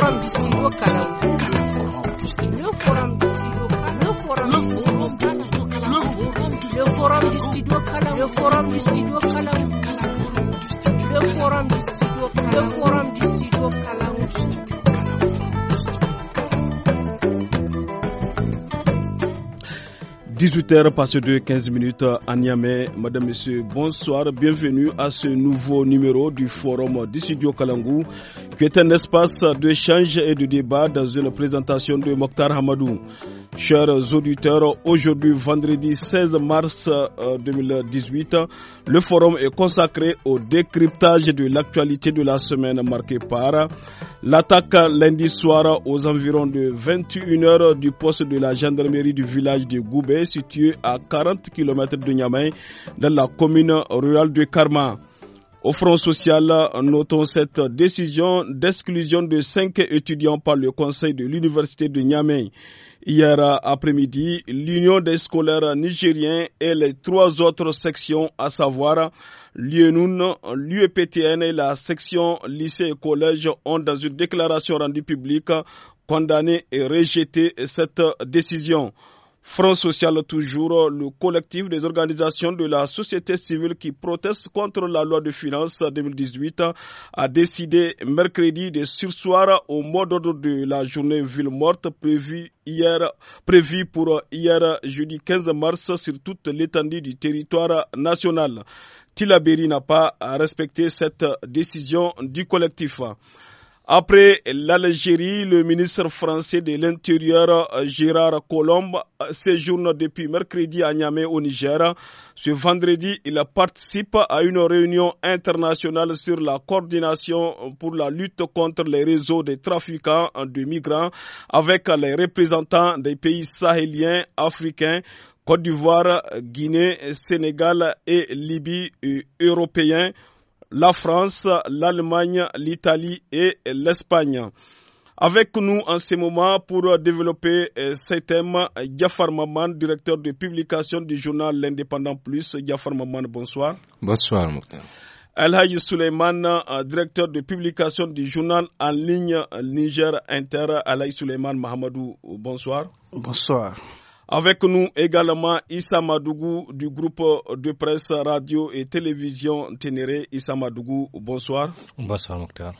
forum du studio Kalangu. Le forum du studio Kalangu. Le forum du studio Kalangu. Le forum du studio Kalangu. Le forum du studio Kalangu. 18h passé de 15 minutes à Niamey. Madame, Messieurs, bonsoir. Bienvenue à ce nouveau numéro du Forum du Studio Kalangou, qui est un espace d'échange et de débat dans une présentation de Mokhtar Hamadou. Chers auditeurs, aujourd'hui, vendredi 16 mars 2018, euh, le forum est consacré au décryptage de l'actualité de la semaine marquée par L'attaque lundi soir aux environs de 21h du poste de la gendarmerie du village de Goubé, situé à 40 km de Niamey, dans la commune rurale de Karma. Au front social, notons cette décision d'exclusion de cinq étudiants par le conseil de l'université de Niamey. Hier après-midi, l'Union des scolaires nigériens et les trois autres sections, à savoir Lienoun, l'UEPTN et la section lycée et collège ont, dans une déclaration rendue publique, condamné et rejeté cette décision. Front social toujours, le collectif des organisations de la société civile qui proteste contre la loi de finances 2018 a décidé mercredi de sursoir au mot d'ordre de la journée ville morte prévue hier, prévue pour hier jeudi 15 mars sur toute l'étendue du territoire national. Tilaberi n'a pas respecté cette décision du collectif. Après l'Algérie, le ministre français de l'Intérieur euh, Gérard Colombe euh, séjourne depuis mercredi à Niamey au Niger. Ce vendredi, il participe à une réunion internationale sur la coordination pour la lutte contre les réseaux de trafiquants de migrants avec les représentants des pays sahéliens, africains, Côte d'Ivoire, Guinée, Sénégal et Libye euh, européens la France, l'Allemagne, l'Italie et l'Espagne. Avec nous en ce moment pour développer euh, ces thèmes, Giafar Maman, directeur de publication du journal L'Indépendant Plus. Giafar Maman, bonsoir. Bonsoir, Mokhtar. Alhaji Suleiman, euh, directeur de publication du journal en ligne Niger Inter. Alhaji Suleiman Mahamadou, bonsoir. Bonsoir. Avec nous également Issa Madougou du groupe de presse radio et télévision Ténéré. Issa Madougou, bonsoir. Bonsoir Mokhtar.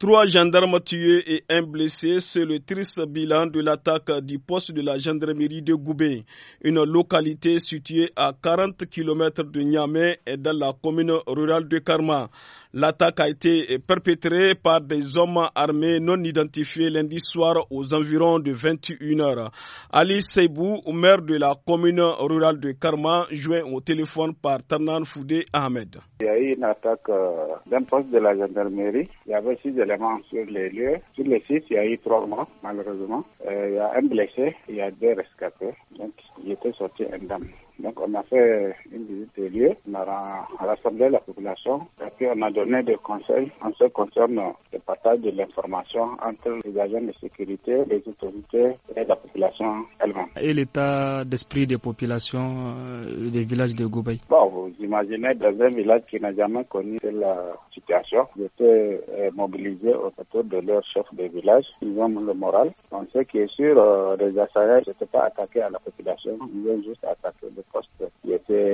Trois gendarmes tués et un blessé, c'est le triste bilan de l'attaque du poste de la gendarmerie de Goubé, une localité située à 40 km de Niamey et dans la commune rurale de Karma. L'attaque a été perpétrée par des hommes armés non identifiés lundi soir aux environs de 21h. Ali Seibou, maire de la commune rurale de Karma, joint au téléphone par Tarnan Foudé Ahmed. Il y a eu une attaque euh, d'un poste de la gendarmerie. Il y avait six éléments sur les lieux. Sur le site, il y a eu trois morts, malheureusement. Euh, il y a un blessé, il y a deux rescapés. Donc, était sorti sorti dame. Donc on a fait une visite de lieu, on a rassemblé la population et puis on a donné des conseils en ce qui concerne le partage de l'information entre les agents de sécurité, les autorités et la population elle-même. Et l'état d'esprit des populations euh, des villages de Goubaï Bon, vous imaginez dans un village qui n'a jamais connu la euh, situation, ils étaient euh, mobilisés autour de leur chef de village, ils ont le moral. On sait qui est sûr, les assaillants sont pas attaqués à la population, ils ont juste attaqué le poste qui était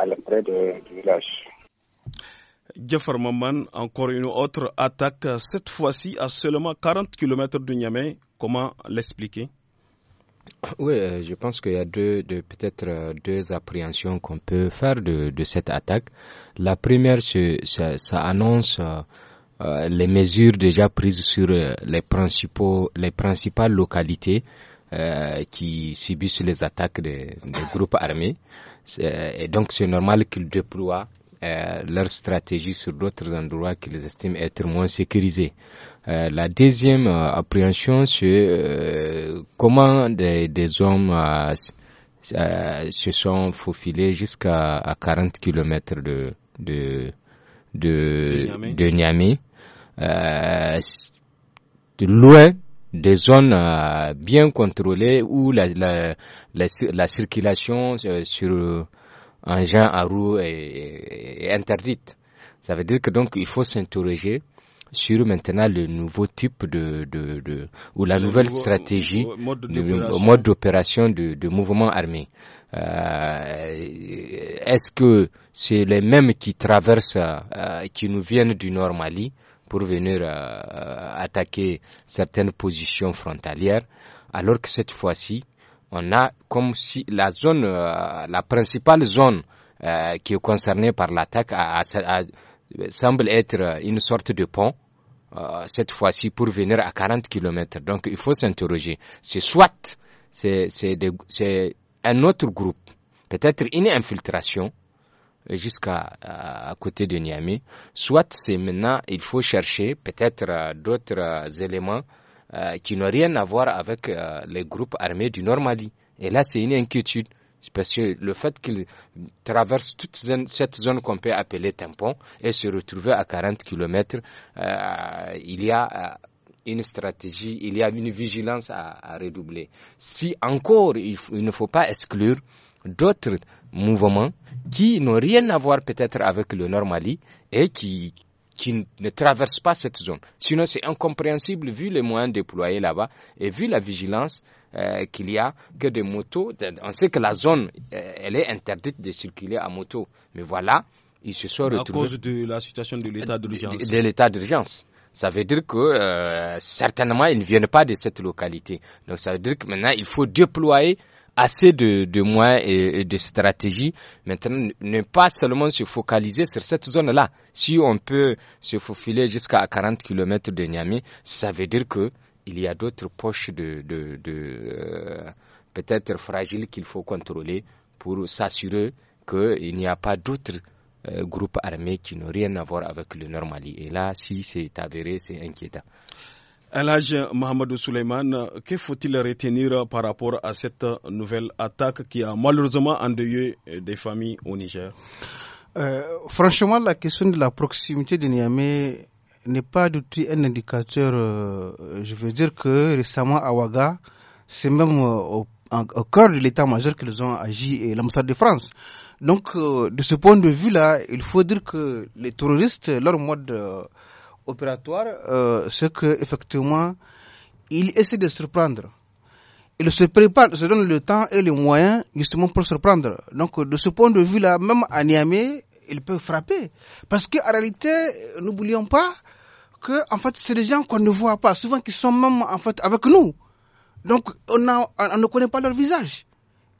à l'entrée du village. encore une autre attaque, cette fois-ci à seulement 40 km de Niamey. Comment l'expliquer Oui, euh, je pense qu'il y a deux, peut-être euh, deux appréhensions qu'on peut faire de, cette attaque. La première, ça, annonce euh, les mesures déjà prises sur les, principaux, les principales localités euh, qui subissent les attaques des, groupes armés. Et donc c'est normal qu'ils déploient euh, leur stratégie sur d'autres endroits qu'ils estiment être moins sécurisés. Euh, la deuxième euh, appréhension, c'est comment des, des hommes se sont faufilés jusqu'à 40 km de, de, de, Niamey. De Euh, de loin des zones euh, bien contrôlées où la, circulation euh, sur un à roue est, interdite. Ça veut dire que donc il faut s'interroger sur maintenant le nouveau type de, de, ou la nouvelle stratégie, le mode d'opération de, mouvement armé. Euh, est-ce que c'est les mêmes qui traversent, qui nous viennent du Nord Mali pour venir euh, euh, attaquer certaines positions frontalières, alors que cette fois-ci, on a comme si la zone, euh, la principale zone qui est concernée par l'attaque semble être une sorte de pont, cette fois-ci pour venir à 40 km. Donc il faut s'interroger. C'est soit c'est un autre groupe, peut-être une infiltration, jusqu'à à côté de Niamey. Soit c'est maintenant, il faut chercher peut-être euh, d'autres euh, éléments euh, qui n'ont rien à voir avec euh, les groupes armés du Nord Mali. Et là, c'est une inquiétude. Parce que le fait qu'ils traversent toute cette zone qu'on peut appeler tampon et se retrouver à 40 km, euh, il y a une stratégie, il y a une vigilance à, redoubler. Si encore, il, ne faut pas exclure d'autres mouvements qui n'ont rien à voir peut-être avec le Normali et qui, qui ne traversent pas cette zone. Sinon, c'est incompréhensible vu les moyens déployés là-bas et vu la vigilance euh, qu'il y a que des motos. On sait que la zone, euh, elle est interdite de circuler à moto. Mais voilà, ils se sont retrouvés. À cause de la situation de l'état euh, d'urgence. De, l'état d'urgence. Ça veut dire que certainement, ils ne viennent pas de cette localité. Donc, ça veut dire que maintenant, il faut déployer assez de, de moyens et, de stratégies. Maintenant, ne pas seulement se focaliser sur cette zone-là. Si on peut se faufiler jusqu'à 40 km de Niamey, ça veut dire que il y a d'autres poches de, de, euh, peut-être fragiles qu'il faut contrôler pour s'assurer qu'il n'y a pas d'autres euh, groupes armés qui n'ont rien à voir avec le Nord Et là, si c'est avéré, c'est inquiétant. Alage Mohamedou Souleyman, que faut-il retenir par rapport à cette nouvelle attaque qui a malheureusement endeuillé des familles au Niger euh, Franchement, la question de la proximité de Niamey n'est pas du tout un indicateur. Euh, je veux dire que récemment à Ouaga, c'est même euh, au, au, cœur de l'état-major qu'ils ont agi et l'ambassade de France. Donc, euh, de ce point de vue-là, il faut dire que les terroristes, leur mode opératoire, euh, c'est effectivement il essaie de surprendre. Il se prépare, se donne le temps et les moyens justement pour surprendre. Donc de ce point de vue-là, même à Niamey, il peut frapper. Parce qu'en réalité, n'oublions pas que en fait, c'est des gens qu'on ne voit pas, souvent qui sont même en fait avec nous. Donc on ne connaît pas leur visage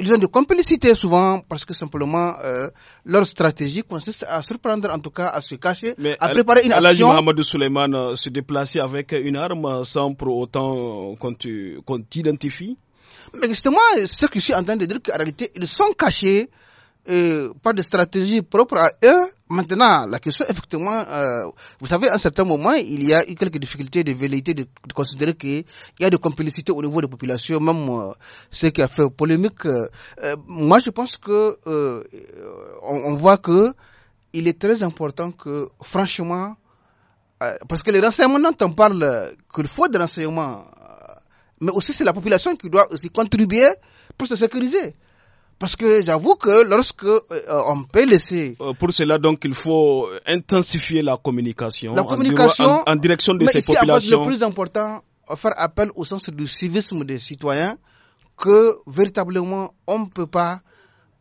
ils ont des complicités souvent parce que simplement euh, leur stratégie consiste à surprendre, en tout cas à se cacher, à préparer une action. Mohamed Souleymane euh, se déplacer avec une arme sans pour autant euh, qu'on t'identifie Mais justement, ce que je suis en train de dire, qu'en réalité, ils sont cachés euh, par des stratégies propres à eux Maintenant, la question, effectivement, euh, vous savez, à un certain moment, il y a eu quelques difficultés de vérité de, considérer qu'il y a de complicité au niveau des populations, même euh, ce qui a fait polémique. Euh, moi, je pense que on, voit que il est très important que, franchement, parce que les renseignements dont on parle, qu'il faut des renseignements, mais aussi c'est la population qui doit aussi contribuer pour se sécuriser. Parce que j'avoue que lorsque euh, on peut laisser. Euh, pour cela, donc, il faut intensifier la communication. La communication. En, direction de mais ces ici, populations. le plus important, faire appel au sens du civisme des citoyens que véritablement on ne peut pas,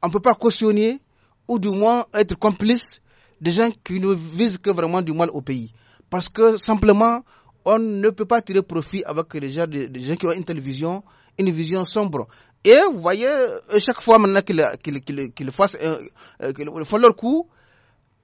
on peut pas cautionner ou du moins être complice des gens qui ne visent que vraiment du mal au pays. Parce que simplement, on ne peut pas tirer profit avec les des gens qui ont une télévision une vision sombre. Et vous voyez, euh, chaque fois maintenant qu'ils font euh, leur coup,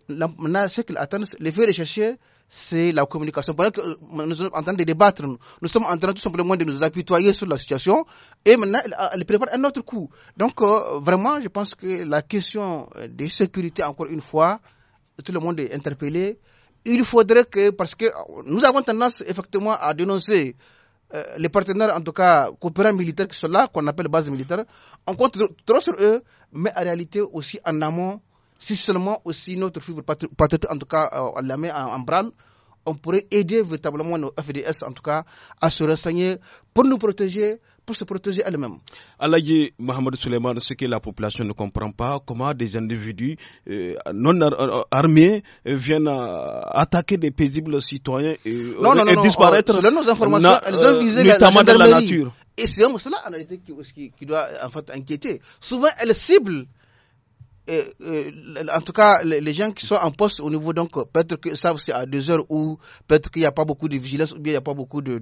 maintenant, ce qu'ils attendent, les faits c'est la communication. Pendant que euh, nous sommes en train de débattre, nous sommes en train tout simplement de nous apitoyer sur la situation et maintenant elle, prépare un autre coup. Donc vraiment, je pense que la question de sécurité, encore une fois, tout le monde est interpellé. Il faudrait que, parce que nous avons tendance effectivement à dénoncer euh, les partenaires, en tout cas, coopérants militaires qui sont là, qu'on appelle base militaire, on compte trop sur eux, mais en réalité aussi en amont, si seulement aussi notre fibre patriotique, en tout cas, euh, on la met en branle, on pourrait aider véritablement nos FDS, en tout cas, à se renseigner pour nous protéger, pour se protéger elles-mêmes. Alayé Mohamed Souleymane, ce que la population ne comprend pas, comment des individus euh, non armés euh, viennent euh, attaquer des paisibles citoyens et, non, non, non, disparaître. selon nos informations, elles ont visé la, nature. Et c'est cela, en réalité, qui, qui, doit en fait inquiéter. Souvent, elles ciblent en tout cas, les, gens qui sont en poste au niveau, donc, peut-être qu'ils savent c'est à deux heures ou peut-être qu'il n'y a pas beaucoup de vigilance ou bien il n'y a pas beaucoup de,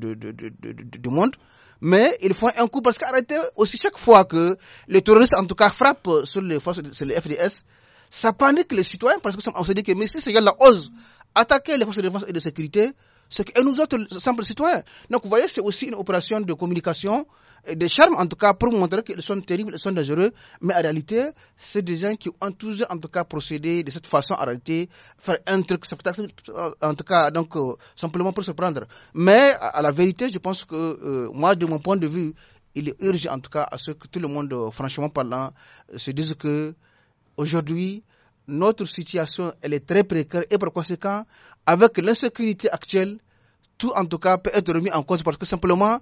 monde mais ils font un coup parce qu'arrêtez aussi chaque fois que les terroristes en tout cas frappent sur les forces, sur les FDS, ça panique les citoyens parce qu'on se dit que mais si c'est la hausse attaquer les forces de défense et de sécurité, et nous autres, simples citoyens. Donc, vous voyez, c'est aussi une opération de communication, et de charme, en tout cas, pour montrer qu'ils sont terribles, ils sont dangereux. Mais en réalité, c'est des gens qui ont toujours, en tout cas, procédé de cette façon, en réalité, faire un truc, en tout cas, donc, euh, simplement pour se prendre. Mais, à, la vérité, je pense que, euh, moi, de mon point de vue, il est urgent, en tout cas, à ce que tout le monde, euh, franchement parlant, se dise que, aujourd'hui, notre situation elle est très précaire et par conséquent, avec l'insécurité actuelle, tout en tout cas peut être remis en cause parce que simplement,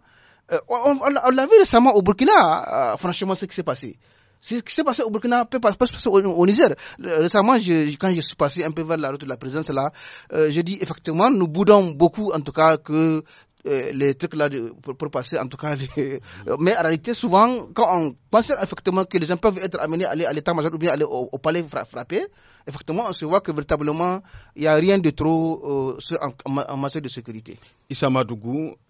euh, on, l'a vu récemment au Burkina, euh, franchement, ce qui s'est passé. Ce qui s'est passé au Burkina peut pas se passer au, Niger. Récemment, je, quand je suis passé un peu vers la route de la présence là, euh, je dis effectivement, nous boudons beaucoup en tout cas que euh, les trucs là pour, passer en tout cas euh, mais en réalité souvent quand on pense effectivement que les gens peuvent être amenés à aller à l'état major ou bien aller au, palais frapper effectivement on se voit que véritablement il n'y a rien de trop euh, en, matière de sécurité Issa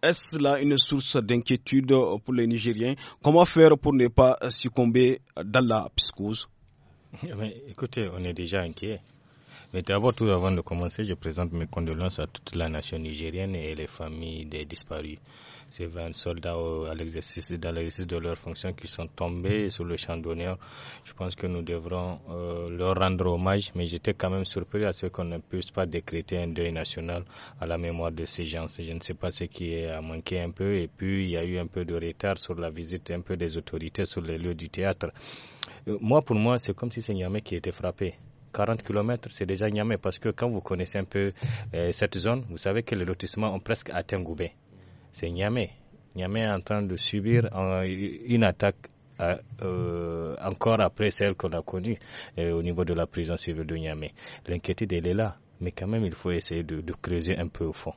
est-ce là une source d'inquiétude pour les Nigériens comment faire pour ne pas succomber dans la psychose eh écoutez on est déjà inquiet mais d'abord, tout avant de commencer, je présente mes condoléances à toute la nation nigérienne et les familles des disparus. Ces 20 soldats à l'exercice, dans l'exercice de leurs fonctions qui sont tombés sur le champ d'honneur. Je pense que nous devrons euh, leur rendre hommage, mais j'étais quand même surpris à ce qu'on ne puisse pas décréter un deuil national à la mémoire de ces gens. Je ne sais pas ce qui a manqué un peu, et puis il y a eu un peu de retard sur la visite un peu des autorités sur les lieux du théâtre. Euh, moi, pour moi, c'est comme si c'est Niamey qui était frappé. 40 km, c'est déjà Niamey. Parce que quand vous connaissez un peu euh, cette zone, vous savez que les lotissements ont presque atteint Goubé. C'est Niamey. Niamey est en train de subir euh, une attaque euh, encore après celle qu'on a connue au niveau de la prison civile de Niamey. L'inquiétude, elle est là. Mais quand même, il faut essayer de, creuser un peu au fond.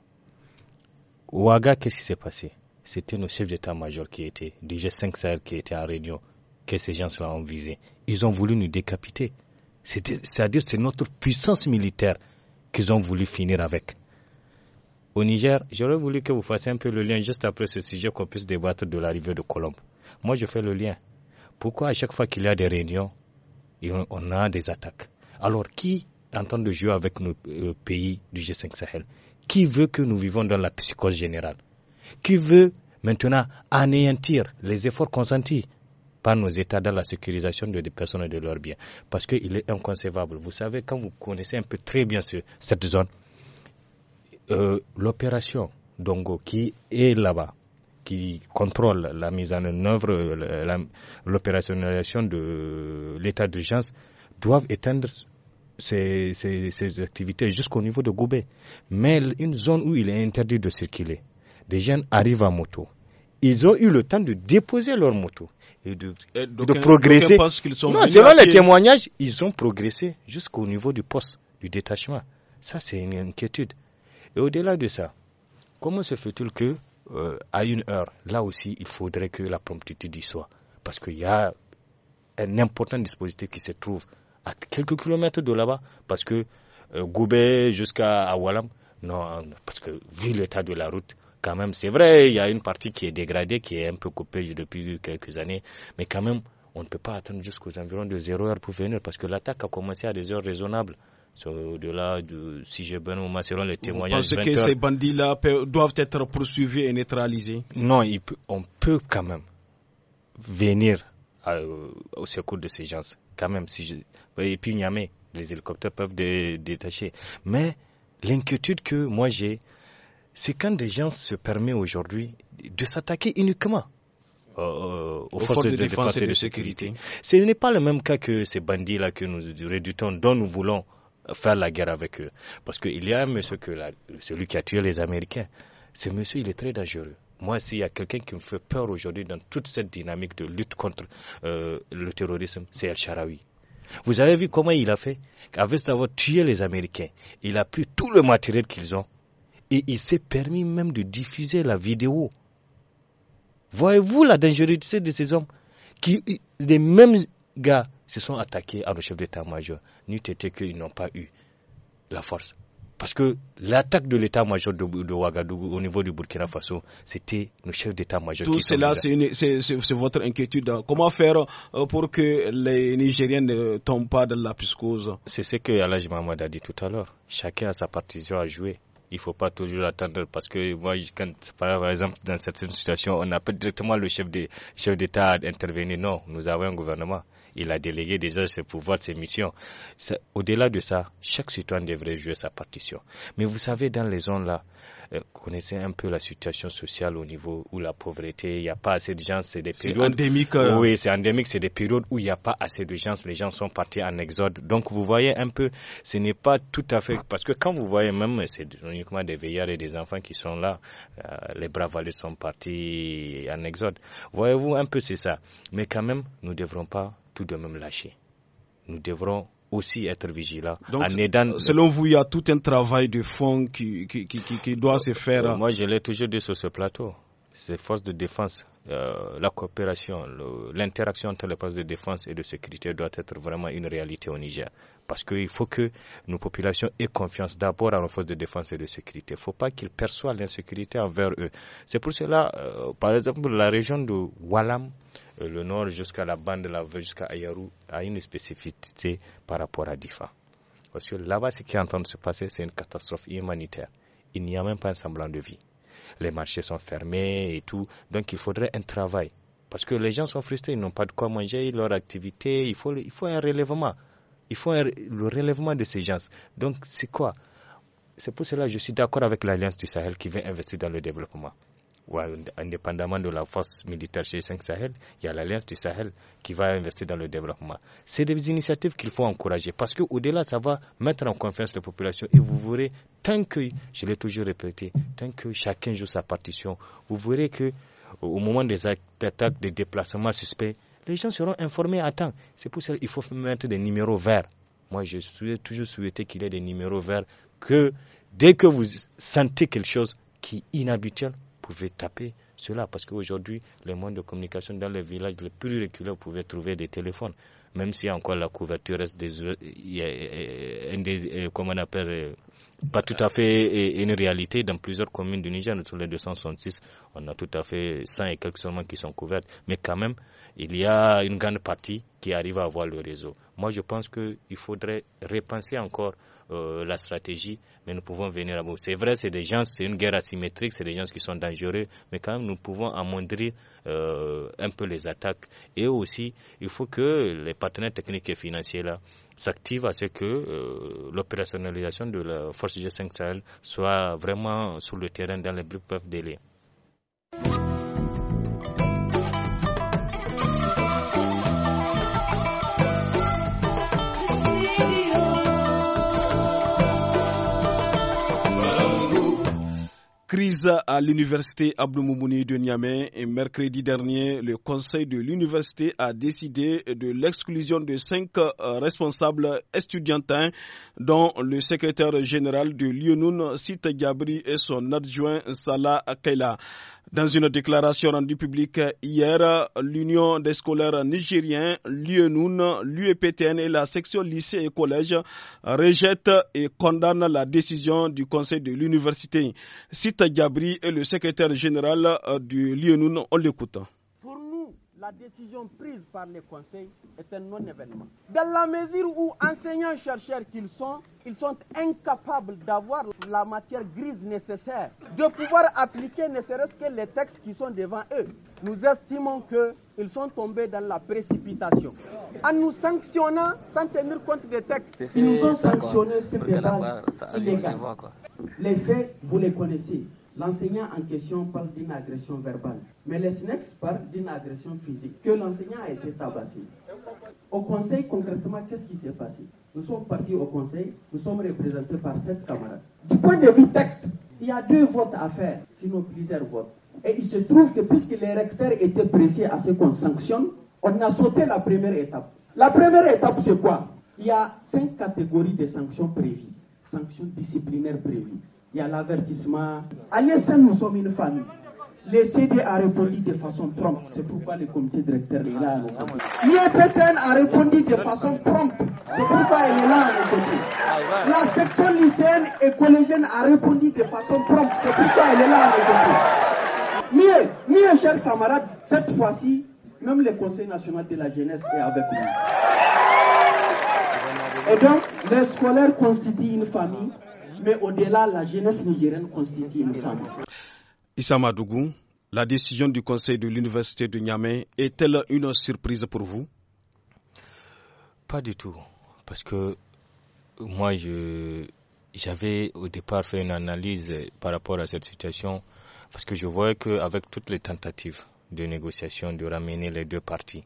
Ouaga, qu'est-ce qui s'est passé C'était nos chefs d'état-major qui étaient, du G5 Sahel qui étaient à réunion, que ces gens-là ont visé. Ils ont voulu nous décapiter. C'est-à-dire que c'est notre puissance militaire qu'ils ont voulu finir avec. Au Niger, j'aurais voulu que vous fassiez un peu le lien juste après ce sujet qu'on puisse débattre de l'arrivée de Colombe. Moi, je fais le lien. Pourquoi à chaque fois qu'il y a des réunions, on a des attaques Alors qui entend de jouer avec nos euh, pays du G5 Sahel Qui veut que nous vivons dans la psychose générale Qui veut maintenant anéantir les efforts consentis par nos États dans la sécurisation des personnes et de leurs biens. Parce qu'il est inconcevable. Vous savez, quand vous connaissez un peu très bien cette zone, euh, l'opération Dongo qui est là-bas, qui contrôle la mise en œuvre, l'opérationnalisation de l'état d'urgence, doivent éteindre ces, ces activités jusqu'au niveau de Goubé, Mais une zone où il est interdit de circuler, des jeunes arrivent en moto. Ils ont eu le temps de déposer leur moto de, progresser. non, selon les témoignages, ils ont progressé jusqu'au niveau du poste, du détachement. Ça, c'est une inquiétude. Et au-delà de ça, comment se fait-il que euh, à une heure, là aussi, il faudrait que la promptitude y soit, parce qu'il y a un important dispositif qui se trouve à quelques kilomètres de là-bas, parce que euh, Goubet jusqu'à Walam, non, parce que vu l'état de la route, quand même, c'est vrai, il y a une partie qui est dégradée, qui est un peu coupée depuis quelques années, mais quand même, on ne peut pas attendre jusqu'aux environs de 0 heure pour venir, parce que l'attaque a commencé à des heures raisonnables. Au-delà de, si j'ai bien ou selon les témoignages. Vous pensez que ces bandits-là doivent être poursuivis et neutralisés Non, on peut quand même venir euh, au secours de ces gens. Quand même, si et puis les hélicoptères peuvent détacher. Mais l'inquiétude que moi j'ai, c'est quand des gens se permettent aujourd'hui de s'attaquer uniquement euh, euh, aux, forces, de, défense, et de, sécurité. Ce n'est pas le même cas que ces bandits-là que nous réduisons, dont nous voulons faire la guerre avec eux. Parce qu'il y a un monsieur, que celui qui a tué les Américains, ce monsieur, il est très dangereux. Moi, s'il y a quelqu'un qui me fait peur aujourd'hui dans toute cette dynamique de lutte contre euh, le terrorisme, c'est El-Sharawi. Vous avez vu comment il a fait Avec savoir tué les Américains, il a pris tout le matériel qu'ils ont et il s'est permis même de diffuser la vidéo. Voyez-vous la dangerosité de ces hommes qui, les mêmes gars, se sont attaqués à le chef d'état-major. N'eût été qu'ils n'ont pas eu la force. Parce que l'attaque de l'état-major de, Ouagadougou au niveau du Burkina Faso, c'était le chef d'état-major. Tout cela, c'est votre inquiétude. Comment faire euh, pour que les Nigériens ne tombent pas dans la piscose C'est ce que Alaj Mahmoud a dit tout à l'heure. Chacun a sa partition à jouer il ne faut pas toujours attendre parce que moi, quand, par exemple, dans certaines situations, on appelle directement le chef d'État chef à intervenir. Non, nous avons un gouvernement. Il a délégué déjà ses pouvoirs, ses missions. Au-delà de ça, chaque citoyen devrait jouer sa partition. Mais vous savez, dans les zones-là, euh, vous connaissez un peu la situation sociale au niveau où la pauvreté, il n'y a pas assez de gens, c'est des périodes... endémique. Hein. Oui, c'est endémique, c'est des périodes où il n'y a pas assez de gens, les gens sont partis en exode. Donc vous voyez un peu, ce n'est pas tout à fait... Parce que quand vous voyez même, c'est uniquement des veillards et des enfants qui sont là, euh, les les bravalés sont partis en exode. Voyez-vous un peu, c'est ça. Mais quand même, nous ne devrons pas tout de même lâcher. Nous devrons aussi être vigilants. Euh, selon vous, il y a tout un travail de fond qui, qui, qui, qui doit se faire. Euh, moi, je l'ai toujours dit sur ce plateau. Ces forces de défense euh, la coopération, l'interaction entre les forces de défense et de sécurité doit être vraiment une réalité au Niger. Parce qu'il faut que nos populations aient confiance d'abord à nos forces de défense et de sécurité. Il ne faut pas qu'ils perçoivent l'insécurité envers eux. C'est pour cela, euh, par exemple, la région de Walam, euh, le nord jusqu'à la bande, de la jusqu'à Ayaru a une spécificité par rapport à Difa. Parce que là-bas, ce qui est en train de se passer, c'est une catastrophe humanitaire. Il n'y a même pas un semblant de vie les marchés sont fermés et tout. Donc il faudrait un travail. Parce que les gens sont frustrés, ils n'ont pas de quoi manger, leur activité, il faut, il faut un relèvement. Il faut le relèvement de ces gens. Donc c'est quoi C'est pour cela que je suis d'accord avec l'Alliance du Sahel qui veut investir dans le développement indépendamment de la force militaire chez 5 Sahel, il y a l'Alliance du Sahel qui va investir dans le développement. C'est des initiatives qu'il faut encourager parce qu'au-delà, ça va mettre en confiance les populations et vous verrez, tant que, je l'ai toujours répété, tant que chacun joue sa partition, vous verrez que au moment des attaques, des déplacements suspects, les gens seront informés à temps. C'est pour ça qu'il faut mettre des numéros verts. Moi, je souhaitais toujours souhaité qu'il y ait des numéros verts que dès que vous sentez quelque chose qui est inhabituel, pouvez taper cela. Parce qu'aujourd'hui, les moyens de communication dans les villages les plus reculés, pouvaient trouver des téléphones. Même si encore la couverture reste des, euh, euh, des euh, on appelle, pas tout à fait une réalité. Dans plusieurs communes du Niger, sur les 266, on a tout à fait 100 et quelques seulement qui sont couvertes. Mais quand même, il y a une grande partie qui arrive à avoir le réseau. Moi, je pense qu'il faudrait repenser encore euh, la stratégie, mais nous pouvons venir à bout. C'est vrai, c'est des gens, c'est une guerre asymétrique, c'est des gens qui sont dangereux, mais quand même, nous pouvons amoindrir euh, un peu les attaques. Et aussi, il faut que les partenaires techniques et financiers là s'activent à ce que euh, l'opérationnalisation de la force G5 Sahel soit vraiment sur le terrain dans les plus brefs délais. Crise à l'université Abdou de Niamey. Et mercredi dernier, le conseil de l'université a décidé de l'exclusion de cinq euh, responsables estudiantins, dont le secrétaire général de Lyonoun Sita Gabri, et son adjoint Salah Akela. Dans une déclaration rendue publique hier, l'Union des scolaires nigériens, l'UNUN, l'UEPTN et la section lycée et collège rejettent et condamnent la décision du Conseil de l'université. Sita Gabri est le secrétaire général du l'UNUN. On l'écoute la décision prise par les conseils est un non-événement. Dans la mesure où enseignants-chercheurs qu'ils sont, ils sont incapables d'avoir la matière grise nécessaire, de pouvoir appliquer ne serait-ce que les textes qui sont devant eux. Nous estimons qu'ils sont tombés dans la précipitation. En nous sanctionnant sans tenir compte des textes, ils nous ont sanctionnés sur Les faits, vous les connaissez. L'enseignant en question parle d'une agression verbale, mais les SNEX parlent d'une agression physique, que l'enseignant a été tabassé. Au conseil, concrètement, qu'est-ce qui s'est passé Nous sommes partis au conseil, nous sommes représentés par sept camarades. Du point de vue texte, il y a deux votes à faire, sinon plusieurs votes. Et il se trouve que puisque les recteurs étaient pressés à ce qu'on sanctionne, on a sauté la première étape. La première étape, c'est quoi Il y a cinq catégories de sanctions prévues, sanctions disciplinaires prévues il y a l'avertissement. À l'ESN, nous sommes une famille. Le CD a répondu de façon prompte. C'est pourquoi le comité directeur est là à Pétain a répondu de façon prompte. C'est pourquoi elle est là à nos côtés. La section lycéenne et collégienne a répondu de façon prompte. C'est pourquoi elle est là à nos côtés. mieux, chers camarades, cette fois-ci, même le Conseil national de la jeunesse est avec nous. Et donc, les scolaires constituent une famille mais au-delà, la jeunesse nigérienne constitue une femme. Issa Madougou, la décision du Conseil de l'Université de Niamey est-elle une surprise pour vous Pas du tout. Parce que moi, j'avais au départ fait une analyse par rapport à cette situation. Parce que je voyais qu'avec toutes les tentatives de négociation de ramener les deux parties.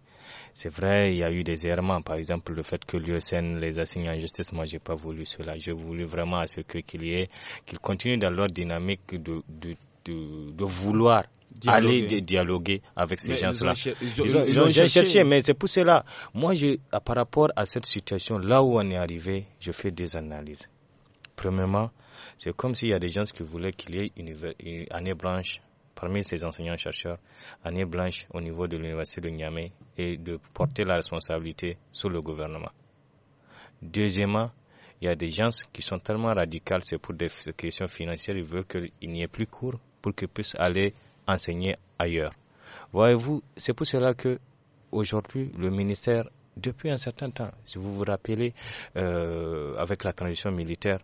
C'est vrai, il y a eu des errements. Par exemple, le fait que l'USN les assigne en justice, moi, n'ai pas voulu cela. J'ai voulu vraiment à ce qu'il y ait, qu'ils continuent dans leur dynamique de, vouloir aller dialoguer avec ces gens-là. Ils ont, cherché. mais c'est pour cela. Moi, je, par rapport à cette situation, là où on est arrivé, je fais des analyses. Premièrement, c'est comme s'il y a des gens qui voulaient qu'il y ait une année blanche parmi ces enseignants-chercheurs, année blanche au niveau de l'Université de Niamey et de porter la responsabilité sur le gouvernement. Deuxièmement, il y a des gens qui sont tellement radicales c'est pour des questions financières, ils veulent qu'il n'y ait plus cours pour qu'ils puissent aller enseigner ailleurs. Voyez-vous, c'est pour cela que aujourd'hui le ministère, depuis un certain temps, si vous vous rappelez, euh, avec la transition militaire,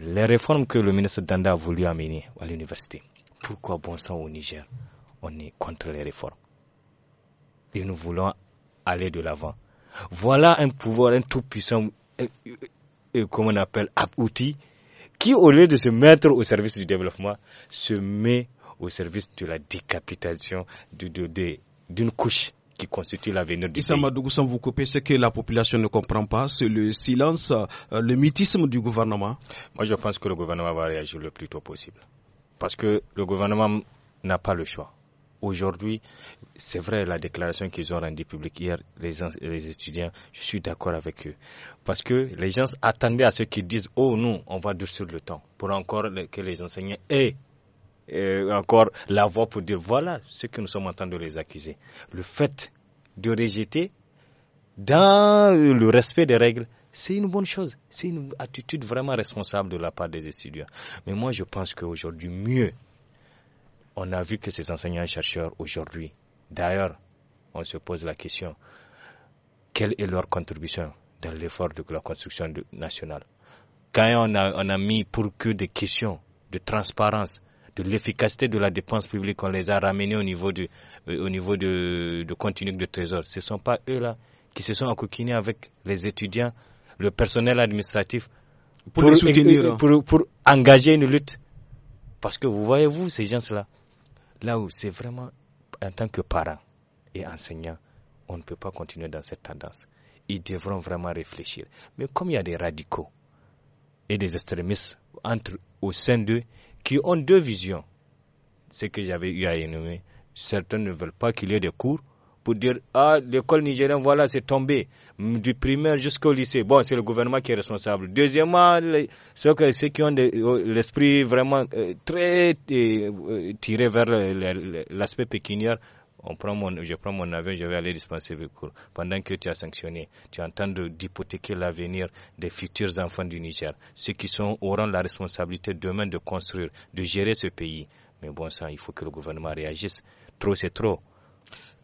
les réformes que le ministre Danda a voulu amener à l'université, pourquoi bon sang au Niger On est contre les réformes. Et nous voulons aller de l'avant. Voilà un pouvoir, un tout puissant, euh, euh, euh, comme on appelle, outil, qui au lieu de se mettre au service du développement, se met au service de la décapitation d'une couche qui constitue l'avenir du Issa sans vous couper, ce que la population ne comprend pas, c'est le silence, le mythisme du gouvernement. Moi, je pense que le gouvernement va réagir le plus tôt possible parce que le gouvernement n'a pas le choix. Aujourd'hui, c'est vrai la déclaration qu'ils ont rendue publique hier, les, les étudiants, je suis d'accord avec eux. Parce que les gens attendaient à ce qu'ils disent, oh non, on va durcir le temps, pour encore que les enseignants aient euh, encore la voix pour dire voilà ce que nous sommes en train de les accuser. Le fait de rejeter dans le respect des règles c'est une bonne chose. C'est une attitude vraiment responsable de la part des étudiants. Mais moi, je pense qu'aujourd'hui, mieux, on a vu que ces enseignants-chercheurs, aujourd'hui, d'ailleurs, on se pose la question, quelle est leur contribution dans l'effort de la construction nationale Quand on a, mis pour que des questions de transparence, de l'efficacité de la dépense publique, on les a ramenés au niveau du euh, au niveau de, de de trésor. Ce ne sont pas eux là qui se sont encoquinés avec les étudiants le personnel administratif pour, pour, engager une lutte. Parce que vous voyez, vous, ces gens-là, là où c'est vraiment, en tant que parents et enseignants, on ne peut pas continuer dans cette tendance. Ils devront vraiment réfléchir. Mais comme il y a des radicaux et des extrémistes entre, au sein d'eux qui ont deux visions, ce que j'avais eu à énumérer, certains ne veulent pas qu'il y ait des cours, pour dire ah l'école nigérienne voilà c'est tombé du primaire jusqu'au lycée. Bon, c'est le gouvernement qui est responsable. Deuxièmement, ceux, qui ont euh, l'esprit vraiment euh, très euh, tiré vers l'aspect pécuniaire je prends mon avion, je vais aller dispenser le cours. Pendant que tu as sanctionné, tu es en train d'hypothéquer l'avenir des futurs enfants du Niger, ceux qui sont, auront la responsabilité demain de construire, de gérer ce pays. Mais bon sang, il faut que le gouvernement réagisse. Trop, c'est trop.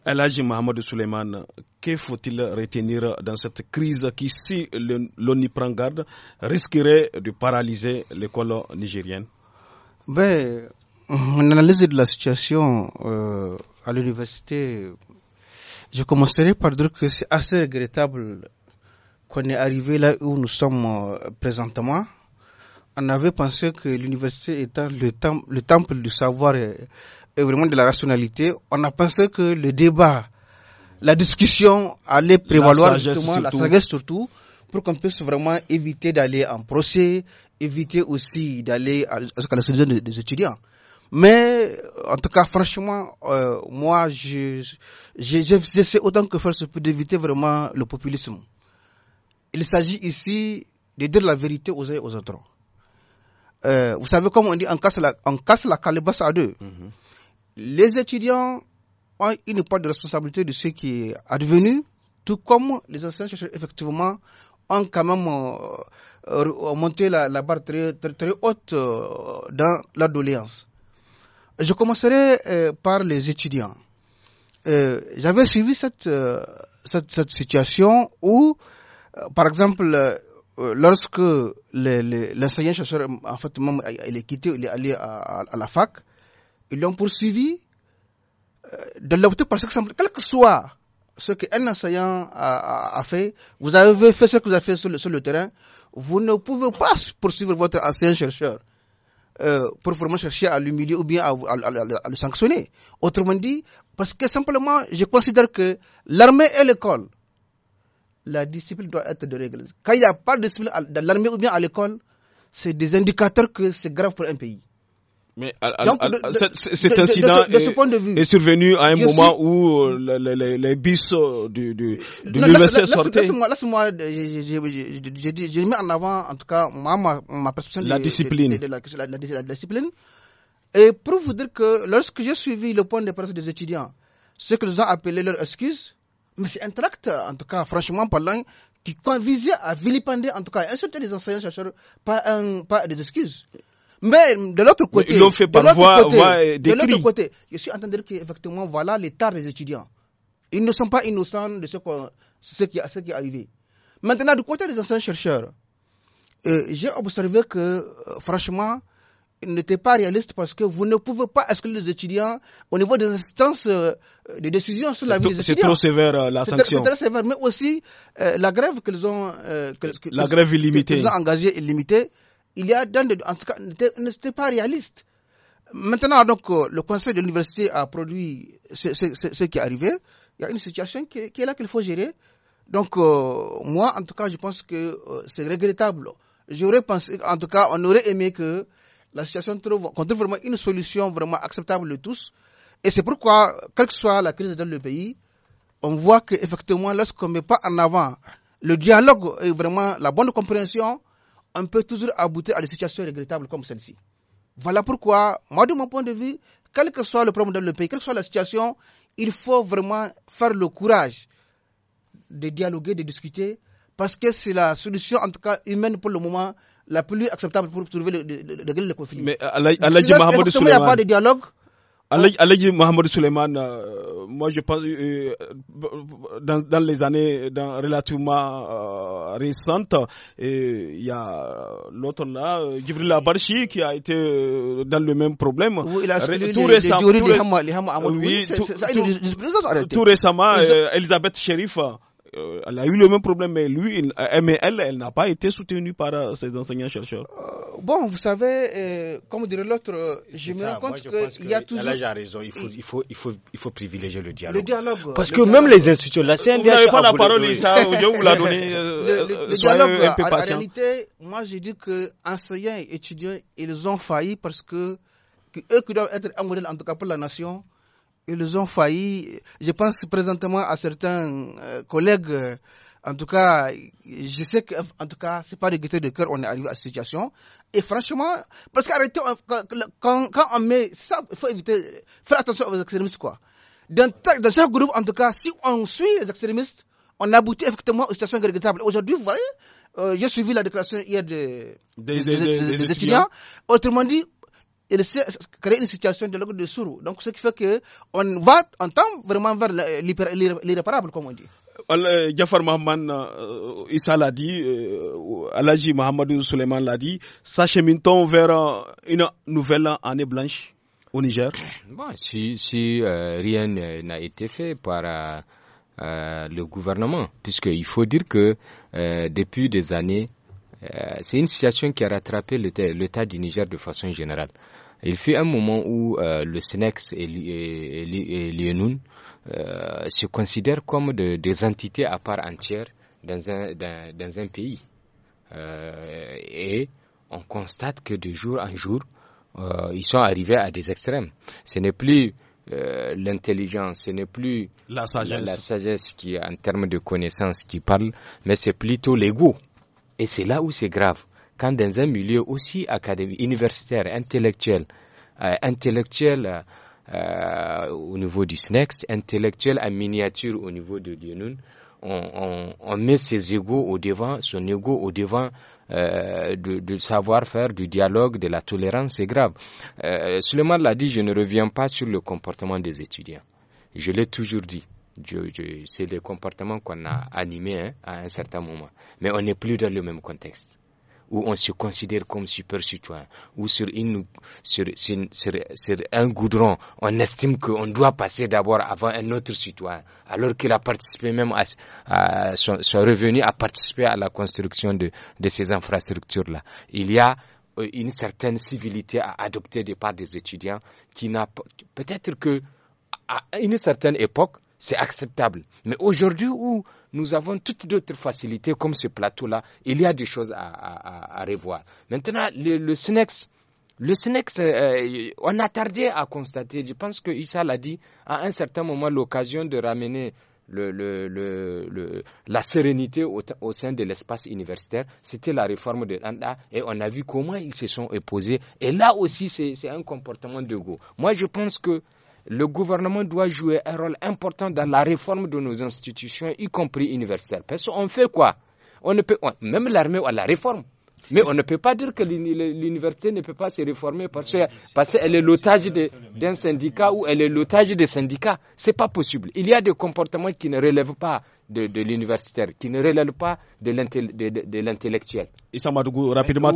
Elhaji Mohamed Suleiman, que faut-il retenir dans cette crise qui, si l'on y prend garde, risquerait de paralyser l'école nigérienne ben, En analyse de la situation euh, à l'université, je commencerai par dire que c'est assez regrettable qu'on est arrivé là où nous sommes euh, présentement. On avait pensé que l'université étant le temple du savoir euh, et vraiment de la rationalité, on a pensé que le débat, la discussion allait prévaloir la justement, surtout. la sagesse surtout, pour qu'on puisse vraiment éviter d'aller en procès, éviter aussi d'aller à, la solution des, étudiants. Mais euh, en tout cas, franchement, euh, moi, j'essaie je, je, autant que faire se peut d'éviter vraiment le populisme. Il s'agit ici de dire la vérité aux uns et aux autres. Euh, vous savez, comme on dit, on casse la, casse la calebasse à deux. Mhm les étudiants ont une part de responsabilité de ce qui est advenu, tout comme les enseignants chercheurs, effectivement, ont quand même euh, monté la, barre très, très, haute euh, dans la Je commencerai euh, par les étudiants. J'avais suivi cette, cette, situation où, par exemple, lorsque l'enseignant-chercheur, en fait, il est quitté, il est allé à la fac, ils l'ont poursuivi euh, de l'opter parce que, quel que soit ce qu'un enseignant a, fait, vous avez fait ce que vous avez fait sur le, sur le terrain, vous ne pouvez pas poursuivre votre ancien chercheur euh, pour vraiment chercher à l'humilier ou bien à, à, le sanctionner. Autrement dit, parce que simplement, je considère que l'armée et l'école, la discipline doit être de règle. Quand il n'y a pas de discipline dans l'armée ou bien à l'école, c'est des indicateurs que c'est grave pour un pays. Mais cet incident est survenu à un moment où euh, les, les, euh, du université de, sortaient. Laisse-moi, euh, j'ai mis en avant, en tout cas, ma, ma perception la de, la, la, discipline. Et pour vous dire que lorsque j'ai suivi le point de presse des étudiants, ce nous ont appelé leur excuse, mais c'est un tract, en tout cas, franchement parlant, qui visait à vilipender, en tout cas, un certain les enseignants-chercheurs, pas, un, pas des excuses. Mais de l'autre côté, de l'autre côté, je suis en train de dire qu'effectivement, voilà l'état des étudiants. Ils ne sont pas innocents de ce, ce, qui, est arrivé. Maintenant, du côté des anciens chercheurs, euh, j'ai observé que, euh, franchement, ils n'étaient pas réalistes parce que vous ne pouvez pas exclure les étudiants au niveau des instances euh, de décision sur la vie des étudiants. C'est trop sévère la sanction. C'est très sévère, mais aussi la grève qu'ils ont, que, la qu'ils ont engagée illimitée, il y a en tout cas, n'était pas réaliste. Maintenant, donc, euh, le conseil de l'université a produit ce, qui est arrivé. Il y a une situation qui, est là qu'il faut gérer. Donc, euh, moi, en tout cas, je pense que euh, c'est regrettable. J'aurais pensé, en tout cas, on aurait aimé que la situation trouve, qu'on trouve vraiment une solution vraiment acceptable de tous. Et c'est pourquoi, quelle que soit la crise dans le pays, on voit qu'effectivement, lorsqu'on ne met pas en avant le dialogue et vraiment la bonne compréhension, on peut toujours aboutir à des situations regrettables comme celle-ci. Voilà pourquoi, moi de mon point de vue, quel que soit le problème dans le pays, quelle que soit la situation, il faut vraiment faire le courage de dialoguer, de discuter, parce que c'est la solution, en tout cas humaine pour le moment, la plus acceptable pour trouver le, conflit. Mais à euh, il n'y a pas de dialogue, Alaï Mohamed Suleiman, euh, moi je pense, euh, dans, les années dans, relativement euh, récentes, euh, il y a l'autre là, Djibril Abarchi, qui a été euh, dans le même problème. il a tout récemment, tout, récemment, euh, Elisabeth Sherif. Euh, elle a eu le même problème, mais lui, euh, elle, elle n'a pas été soutenue par euh, ses enseignants-chercheurs. bon, vous savez, comme dirait l'autre, je me rends compte qu'il y a toujours. Là, j'ai raison, il faut, il, faut, il, faut, il faut privilégier le dialogue. Le dialogue. Parce que même les institutions, la CNDH. Vous n'avez pas la parole, ça, je vous la donner. le, dialogue, un peu en, en, réalité, moi, j'ai dit que enseignants et étudiants, ils ont failli parce que, eux qui doivent être un modèle, en tout cas pour la nation, ils ont failli. Je pense présentement à certains euh, collègues. Euh, en tout cas, je sais que, en tout cas, c'est pas de guetter de cœur, on est arrivé à cette situation. Et franchement, parce qu'arrêtez, quand, quand, on met ça, il faut éviter, faire attention aux extrémistes, quoi. Dans, chaque groupe, en tout cas, si on suit les extrémistes, on aboutit effectivement aux situations regrettables. Aujourd'hui, vous voyez, euh, j'ai suivi la déclaration hier des, des, des, étudiants. Autrement dit, il créer une situation de de Sourou Donc, ce qui fait que on va, en temps vraiment vers l'irréparable, comme on dit. Jafar Mahman, euh, Issa l'a dit, euh, Alaji Mohamedou Suleiman l'a dit, s'achemine-t-on vers euh, une nouvelle année blanche au Niger bon, Si, si rien n'a été fait par le gouvernement, puisqu'il faut dire que depuis des années, c'est une situation qui a rattrapé l'état du Niger de façon générale. Il fut un moment où euh, le Senex et, et, euh, se considèrent comme des entités à part entière dans un, dans, un pays. Euh, et on constate que de jour en jour, ils sont arrivés à des extrêmes. Ce n'est plus l'intelligence, ce n'est plus la sagesse. qui, en termes de connaissances, qui parle, mais c'est plutôt l'ego. Et c'est là où c'est grave quand dans un milieu aussi académique, universitaire, intellectuel, euh, intellectuel euh, au niveau du SNEX, intellectuel en miniature au niveau de l'UNUN, on, met ses égaux au devant, son ego au devant du, euh, de, savoir-faire, du dialogue, de la tolérance, c'est grave. Euh, l'a dit, je ne reviens pas sur le comportement des étudiants. Je l'ai toujours dit. Je, c'est le comportement qu'on a animé hein, à un certain moment. Mais on n'est plus dans le même contexte où on se considère comme super citoyen, où sur, un goudron, on estime qu'on doit passer d'abord avant un autre citoyen, alors qu'il a participé même à, son, revenu à participer à la construction de, de ces infrastructures-là. Il y a euh, une certaine civilité à adopter de part des étudiants qui n'a peut-être que à une certaine époque c'est acceptable, mais aujourd'hui où nous avons toutes d'autres facilités comme ce plateau-là. Il y a des choses à, revoir. Maintenant, le, SNEX, le euh, euh, on a tardé à constater, je pense que Issa l'a dit, à un certain moment, l'occasion de ramener la sérénité au, sein de l'espace universitaire, c'était la réforme de l'ANDA et on a vu comment ils se sont opposés. Et là aussi, c'est un comportement de go. Moi, je pense que le gouvernement doit jouer un rôle important dans la réforme de nos institutions, y compris universelles. Parce qu'on fait quoi on ne peut, Même l'armée, à la réforme. Mais on ne peut pas dire que l'université ne peut pas se réformer parce qu'elle parce est l'otage d'un syndicat ou elle est l'otage des syndicats. Ce n'est pas possible. Il y a des comportements qui ne relèvent pas de, l'universitaire, qui ne relèvent pas de l'intellectuel. Issa Madougou, rapidement,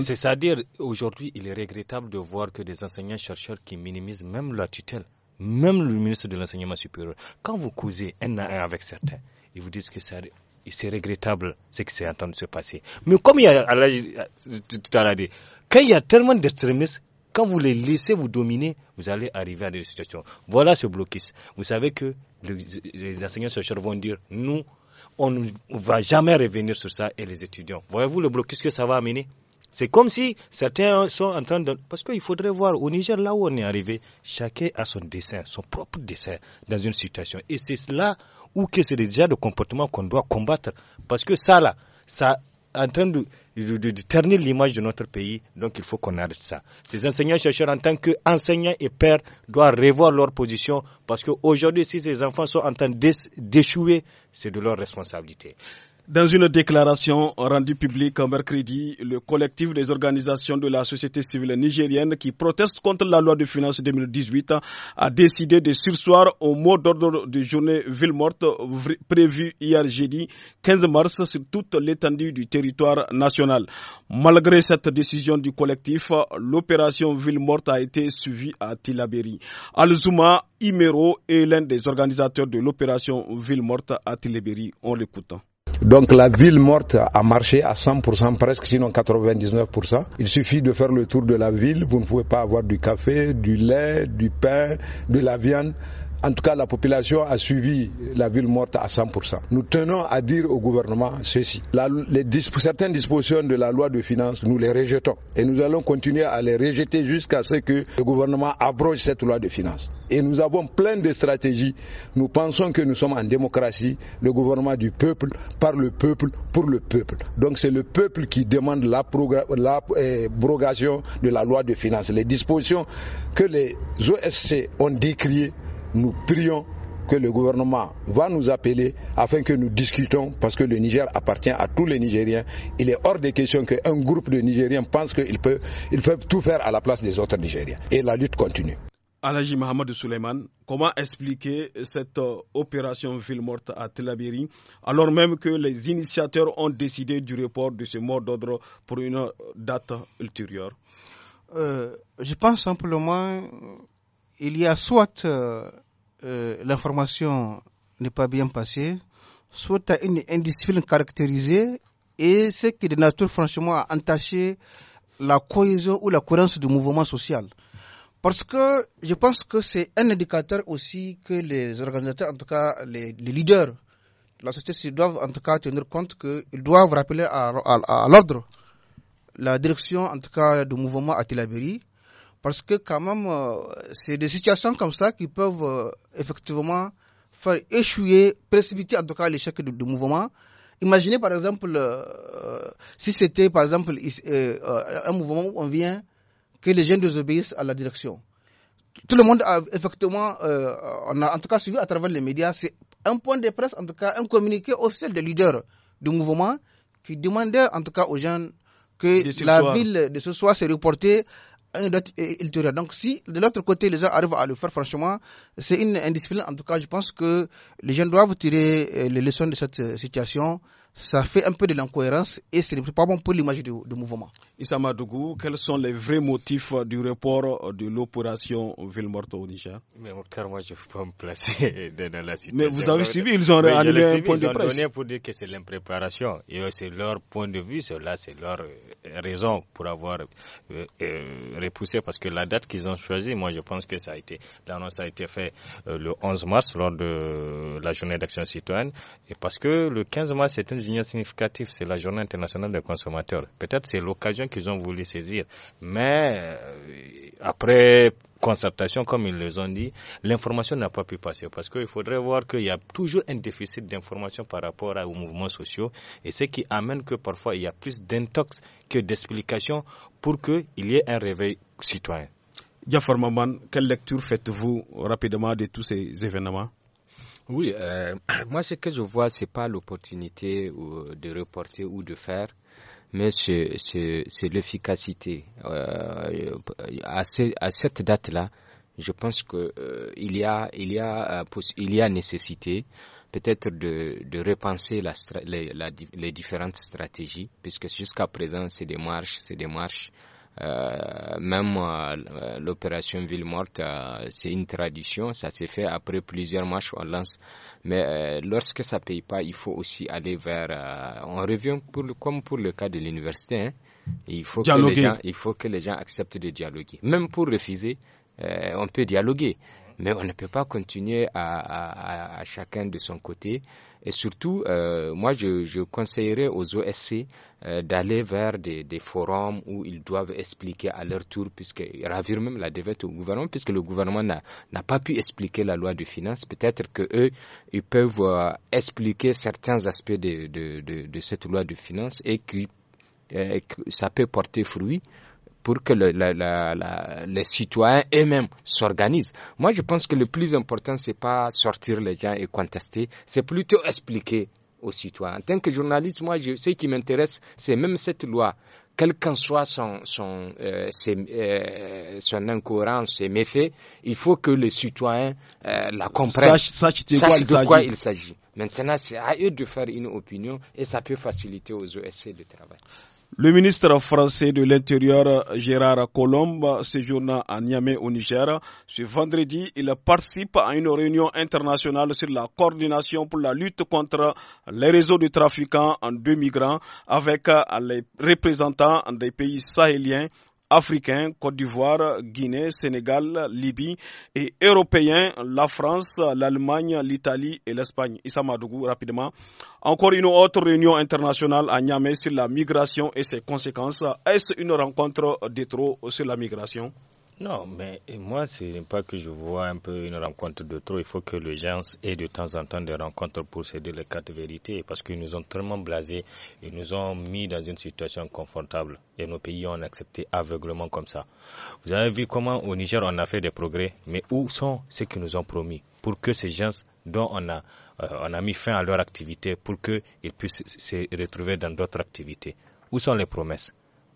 C'est-à-dire, aujourd'hui, il est regrettable de voir que des enseignants-chercheurs qui minimisent même leur tutelle, même le ministre de l'enseignement supérieur, quand vous causez un à un avec certains, ils vous disent que ça, c'est regrettable ce qui s'est en train de se passer. Mais comme il y a, euh, tout à l'heure, quand il y a tellement d'extrémistes, quand vous les laissez vous dominer, vous allez arriver à des situations. Voilà ce blocus. Vous savez que les enseignants sociaux vont dire, nous, on ne va jamais revenir sur ça et les étudiants. Voyez-vous le blocus que ça va amener c'est comme si certains sont en train de... Parce qu'il faudrait voir au Niger, là où on est arrivé, chacun a son dessin, son propre dessin dans une situation. Et c'est là où que c'est déjà le comportement qu'on doit combattre. Parce que ça, là, ça en train de, de, ternir l'image de notre pays, donc il faut qu'on arrête ça. Ces enseignants-chercheurs, en tant qu'enseignants et pères, doivent revoir leur position parce qu'aujourd'hui, si ces enfants sont en train d'échouer, c'est de leur responsabilité. Dans une déclaration rendue publique mercredi, le collectif des organisations de la société civile nigérienne qui proteste contre la loi de finances 2018 a décidé de sursoir au mot d'ordre de journée ville morte prévu hier jeudi 15 mars sur toute l'étendue du territoire national. Malgré cette décision du collectif, l'opération ville morte a été suivie à Tilaberi. Alzuma Imero est l'un des organisateurs de l'opération ville morte à Tilaberi. On l'écoute. Donc la ville morte a marché à 100% presque, sinon 99%. Il suffit de faire le tour de la ville, vous ne pouvez pas avoir du café, du lait, du pain, de la viande. En tout cas, la population a suivi la ville morte à 100%. Nous tenons à dire au gouvernement ceci. certaines dispositions de la loi de finances, nous les rejetons. Et nous allons continuer à les rejeter jusqu'à ce que le gouvernement abroge cette loi de finances. Et nous avons plein de stratégies. Nous pensons que nous sommes en démocratie, le gouvernement du peuple, par le peuple, pour le peuple. Donc c'est le peuple qui demande l'abrogation eh, de la loi de finances. Les dispositions que les OSC ont décriées nous prions que le gouvernement va nous appeler afin que nous discutons parce que le Niger appartient à tous les Nigériens. Il est hors de question qu'un groupe de Nigériens pense qu'ils peuvent, tout faire à la place des autres Nigériens. Et la lutte continue. Alaji Mohamed Suleiman, comment expliquer cette euh, opération ville morte à Telabiri alors même que les initiateurs ont décidé du report de ce mort d'ordre pour une euh, date ultérieure euh, Je pense simplement il y a soit euh, l'information n'est pas bien passée, soit à une indiscipline caractérisée et ce qui est de nature franchement à entacher la cohésion ou la cohérence du mouvement social. Parce que je pense que c'est un indicateur aussi que les organisateurs, en tout cas les, leaders de la société, doivent en tout cas tenir compte qu'ils doivent rappeler à, l'ordre la direction en tout cas du mouvement à Tilaberi parce que quand même, euh, c'est des situations comme ça qui peuvent euh, effectivement faire échouer, précipiter en tout cas l'échec du, mouvement. Imaginez par exemple, euh, si c'était par exemple un mouvement où on vient que les jeunes désobéissent à la direction. Tout le monde a effectivement, on a en tout cas suivi à travers les médias, c'est un point de presse, en tout cas un communiqué officiel des leaders du mouvement qui demandait en tout cas aux jeunes que la ville de ce soir se reportée donc si de l'autre côté les gens arrivent à le faire, franchement, c'est une indiscipline. En tout cas, je pense que les jeunes doivent tirer euh, les leçons de cette euh, situation ça fait un peu de l'incohérence et ce n'est pas bon pour l'image du, mouvement. Issa Madougou, quels sont les vrais motifs du report de l'opération Ville Morte au Niger Mais car moi, je ne peux pas me placer dans la situation. Mais vous avez suivi, ils ont annulé un point ils ont Donné pour dire que c'est l'impréparation. Et c'est leur point de vue, cela, c'est leur euh, raison pour avoir euh, euh, repoussé. Parce que la date qu'ils ont choisie, moi, je pense que ça a été, l'annonce a été faite le 11 mars lors de la journée d'action citoyenne. Et parce que le 15 mars, c'est une significatif, c'est la journée internationale des consommateurs. Peut-être c'est l'occasion qu'ils ont voulu saisir. Mais euh, après concertation, comme ils les ont dit, l'information n'a pas pu passer parce qu'il faudrait voir qu'il y a toujours un déficit d'information par rapport aux mouvements sociaux et ce qui amène que parfois il y a plus d'intox que d'explications pour qu'il y ait un réveil citoyen. Diaformaman, quelle lecture faites-vous rapidement de tous ces événements oui, euh, moi ce que je vois, ce n'est pas l'opportunité euh, de reporter ou de faire, mais c'est l'efficacité. Euh, à, cette date-là, je pense que il y a il y a il y a nécessité peut-être de, de repenser les, les différentes stratégies, puisque jusqu'à présent c'est des marches, c'est des marches euh, même euh, l'opération Ville Morte, euh, c'est une tradition, ça s'est fait après plusieurs matchs, on lance. Mais lorsque ça ne paye pas, il faut aussi aller vers... on revient pour le, comme pour le cas de l'université. Hein. Il, faut que les gens, il faut que les gens acceptent de dialoguer. Même pour refuser, on peut dialoguer mais on ne peut pas continuer à, à, chacun de son côté et surtout, euh, moi, je, conseillerais aux OSC euh, d'aller vers des, forums où ils doivent expliquer à leur tour, puisque ravirent même la devette au gouvernement, puisque le gouvernement n'a pas pu expliquer la loi de finances. Peut-être que eux, ils peuvent euh, expliquer certains aspects de, de, cette loi de finances et que ça peut porter fruit pour que les citoyens eux-mêmes s'organisent. Moi, je pense que le plus important, c'est pas sortir les gens et contester, c'est plutôt expliquer aux citoyens. En tant que journaliste, moi, je, ce qui m'intéresse, c'est même cette loi. Quel qu'en soit son, son, euh, euh incohérence, ses méfaits, il faut que les citoyens euh, la comprennent. sachent de, quoi, il s'agit. Maintenant, c'est à eux de faire une opinion et ça peut faciliter aux OSC le travail. Le ministre français de l'Intérieur Gérard Colombe séjourna à Niamey au Niger. Ce vendredi, il participe à une réunion internationale sur la coordination pour la lutte contre les réseaux de trafiquants deux migrants avec les représentants des pays sahéliens africains, Côte d'Ivoire, Guinée, Sénégal, Libye et européens, la France, l'Allemagne, l'Italie et l'Espagne. Issa rapidement. Encore une autre réunion internationale à Niamey sur la migration et ses conséquences. Est-ce une rencontre détro sur la migration? Non, mais moi, ce n'est pas que je vois un peu une rencontre de trop. Il faut que les gens aient de temps en temps des rencontres pour céder les quatre vérités parce qu'ils nous ont tellement blasés, ils nous ont mis dans une situation confortable et nos pays ont accepté aveuglement comme ça. Vous avez vu comment au Niger on a fait des progrès, mais où sont ceux qui nous ont promis pour que ces gens dont on a, euh, on a mis fin à leur activité pour qu'ils puissent se retrouver dans d'autres activités Où sont les promesses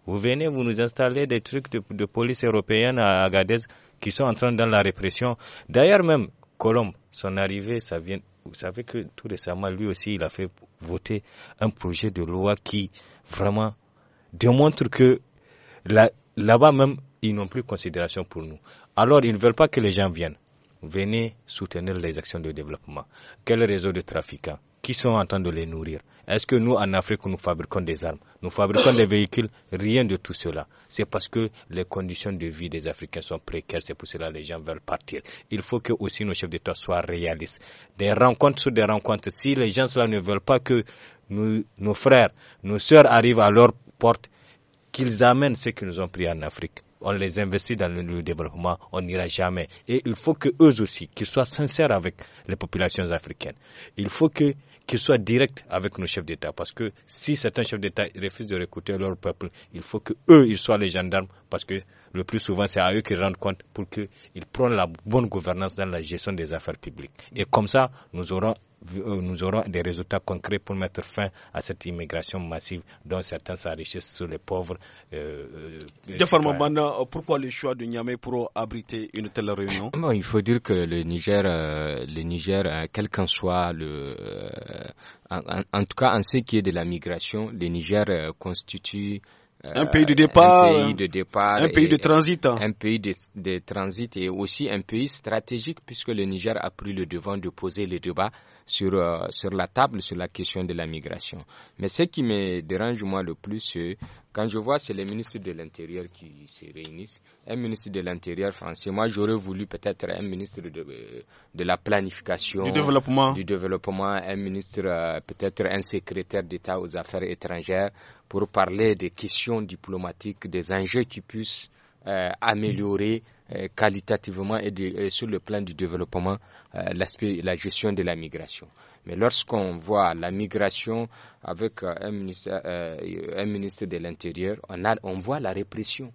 vous venez, vous nous installez des trucs de, police européenne à Agadez qui sont en train dans la répression. D'ailleurs même, Colombe, son arrivée, ça vient. Vous savez que tout récemment, lui aussi, il a fait voter un projet de loi qui vraiment démontre que là-bas même, ils n'ont plus considération pour nous. Alors, ils ne veulent pas que les gens viennent. Venez soutenir les actions de développement. Quel réseau de trafiquants qui sont en train de les nourrir. Est-ce que nous, en Afrique, nous fabriquons des armes, nous fabriquons des véhicules Rien de tout cela. C'est parce que les conditions de vie des Africains sont précaires, c'est pour cela que les gens veulent partir. Il faut que aussi nos chefs d'État soient réalistes. Des rencontres sur des rencontres. Si les gens ne veulent pas que nos frères, nos sœurs arrivent à leur porte, qu'ils amènent ce qu'ils nous ont pris en Afrique on les investit dans le, développement, on n'ira jamais. Et il faut que eux aussi, qu'ils soient sincères avec les populations africaines. Il faut que qu'ils soient directs avec nos chefs d'État, parce que si certains chefs d'État refusent de recruter leur peuple, il faut que eux, ils soient les gendarmes, parce que le plus souvent, c'est à eux qu'ils rendent compte pour qu'ils prennent la bonne gouvernance dans la gestion des affaires publiques. Et comme ça, nous aurons euh, nous aurons des résultats concrets pour mettre fin à cette immigration massive dont certains s'enrichissent sur les pauvres. Euh, euh, euh, pourquoi le choix de Niamey pour abriter une telle réunion Il faut dire que le Niger, le Niger quel qu'en soit le. En, tout cas, en ce qui est de la migration, le Niger constitue un pays de départ, un hein. pays de, départ un pays de transit. Hein. Un pays de, de, transit et aussi un pays stratégique puisque le Niger a pris le devant de poser le débat sur, euh, sur la table sur la question de la migration. Mais ce qui me dérange moi le plus, c'est quand je vois c'est les ministres de l'Intérieur qui se réunissent, un ministre de l'Intérieur français, moi j'aurais voulu peut-être un ministre de, de la planification, du développement, du développement un ministre, euh, peut-être un secrétaire d'État aux affaires étrangères pour parler des questions diplomatiques, des enjeux qui puissent euh, améliorer euh, qualitativement et, sur le plan du développement euh, l'aspect la gestion de la migration. Mais lorsqu'on voit la migration avec un ministre, un ministre de l'Intérieur, on, on voit la répression.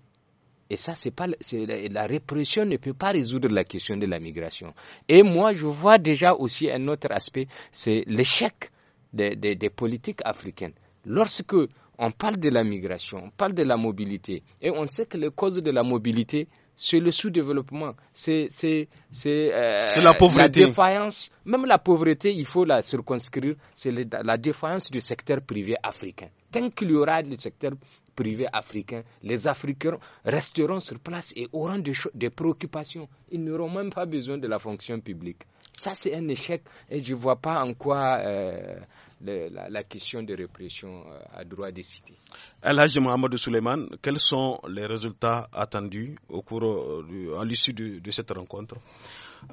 Et ça, c'est pas, la, répression ne peut pas résoudre la question de la migration. Et moi, je vois déjà aussi un autre aspect, c'est l'échec des, des, politiques africaines. Lorsque on parle de la migration, on parle de la mobilité. Et on sait que les causes de la mobilité, c'est le sous-développement, c'est euh, la défaillance, même la pauvreté, il faut la circonscrire, c'est la défaillance du secteur privé africain. Tant qu'il y aura le secteur privés africains. les Africains resteront sur place et auront des, des préoccupations. Ils n'auront même pas besoin de la fonction publique. Ça, c'est un échec et je ne vois pas en quoi euh, la, question de répression euh, a droit de citer. Alhaji Mohamed Souleyman, quels sont les résultats attendus au cours, euh, à l'issue de cette rencontre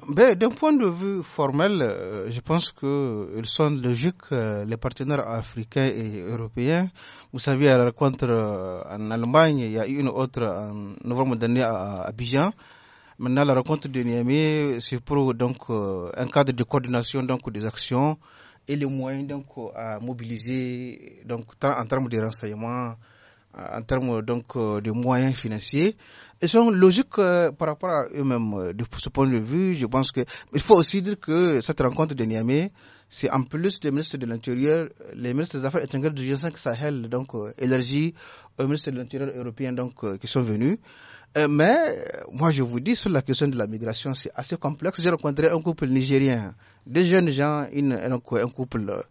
ben, d'un point de vue formel, euh, je pense qu'ils euh, sont logiques, euh, les partenaires africains et européens. Vous savez, à la rencontre en Allemagne, il y a eu une autre en novembre dernier à Abidjan. Maintenant, la rencontre de Niamey, c'est pour donc, un cadre de coordination donc, des actions et les moyens donc, à mobiliser donc, en termes de renseignements euh, en termes euh, donc euh, de moyens financiers. Ils sont logiques par rapport à eux-mêmes. De ce point de vue, je pense que il faut aussi dire que cette rencontre de Niamey c'est en plus des ministres de l'Intérieur, les ministres des Affaires étrangères du G5 Sahel, donc euh, élargi aux ministres de l'Intérieur européen, donc euh, qui sont venus. Euh, mais moi, je vous dis, sur la question de la migration, c'est assez complexe. J'ai rencontré un couple nigérien, des jeunes gens, une, un, couple. Euh,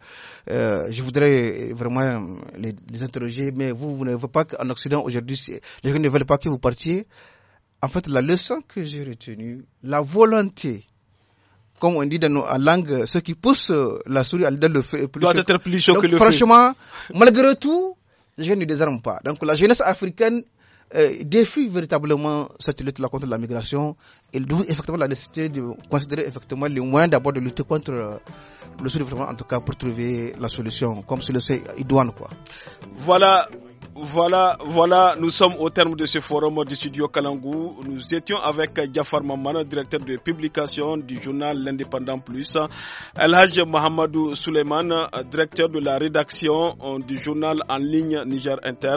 euh, je voudrais vraiment les, les, interroger, mais vous, vous ne voulez pas qu'en Occident, aujourd'hui, les gens ne veulent pas que vous partiez. En fait, la leçon que j'ai retenue, la volonté comme on dit dans nos langues, ce qui pousse euh, la souris à le feu plus doit être plus chaud que le franchement, malgré tout, je ne désarme pas. Donc la jeunesse africaine euh, défie véritablement cette lutte contre la migration Elle doit effectivement la nécessité de considérer effectivement les moyens d'abord de lutter contre euh, le sous en tout cas pour trouver la solution, comme sur le sait Idouane. Quoi. Voilà, voilà, voilà, nous sommes au terme de ce forum du studio Kalangou. Nous étions avec Jafar Mamana, directeur de publication du journal L'Indépendant Plus, Elhaj Mohamedou Suleiman, directeur de la rédaction euh, du journal en ligne Niger Inter.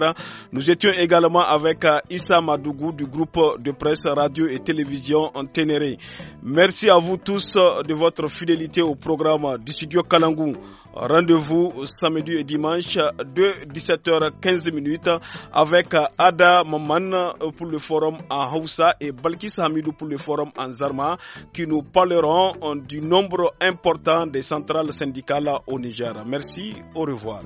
Nous étions également avec euh, Issa Madougou du groupe de presse radio et télévision en Ténéré. Merci à vous tous euh, de votre fidélité au programme du studio Kalangou. Rendez-vous samedi et dimanche de 17h15 avec Ada Maman pour le forum en Hausa et Balkis Hamidou pour le forum en Zarma qui nous parleront du nombre important des centrales syndicales au Niger. Merci, au revoir.